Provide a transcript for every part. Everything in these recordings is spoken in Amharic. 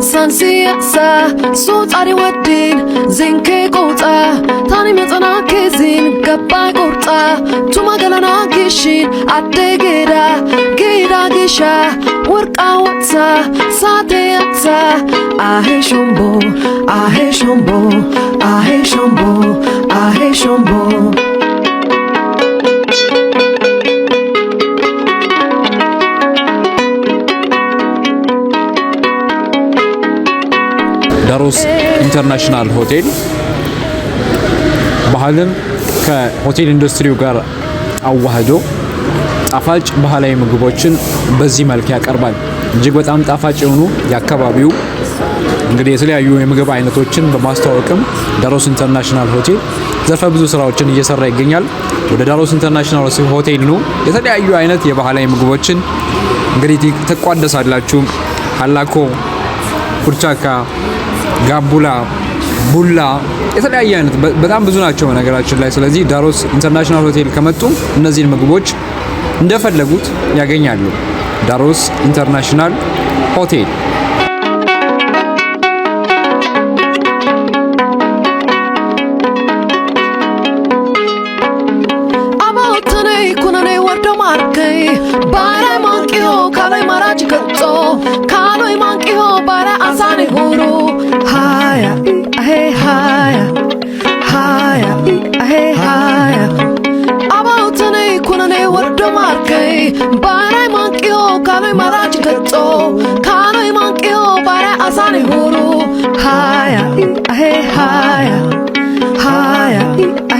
san siyaasa suut ani waddiin zinkee quuxaa taani maxanaa keessiin gabbaa qurxaa tuma galanaa gishiin addee geedhaa geedhaa gishaa warqaa watsaa আহে শম্ভ আহে শম্ভ আহে শম্ভ আহে শম্ভ ዳሮስ ኢንተርናሽናል ሆቴል ባህልን ከሆቴል ኢንዱስትሪው ጋር አዋህዶ ጣፋጭ ባህላዊ ምግቦችን በዚህ መልክ ያቀርባል። እጅግ በጣም ጣፋጭ የሆኑ የአካባቢው እንግዲህ የተለያዩ የምግብ አይነቶችን በማስተዋወቅም ዳሮስ ኢንተርናሽናል ሆቴል ዘርፈ ብዙ ስራዎችን እየሰራ ይገኛል። ወደ ዳሮስ ኢንተርናሽናል ሆቴል ነው የተለያዩ አይነት የባህላዊ ምግቦችን እንግዲህ ትቋደሳላችሁ። ሀላኮ፣ ኩርቻካ፣ ጋቡላ፣ ቡላ የተለያየ አይነት በጣም ብዙ ናቸው ነገራችን ላይ። ስለዚህ ዳሮስ ኢንተርናሽናል ሆቴል ከመጡ እነዚህን ምግቦች እንደፈለጉት ያገኛሉ። ዳሮስ ኢንተርናሽናል ሆቴል Caro e manchi dumarkay baray mankiyo kaway maraj gato kaway mankiyo baray asani huru haya hey haya haya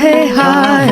hey haya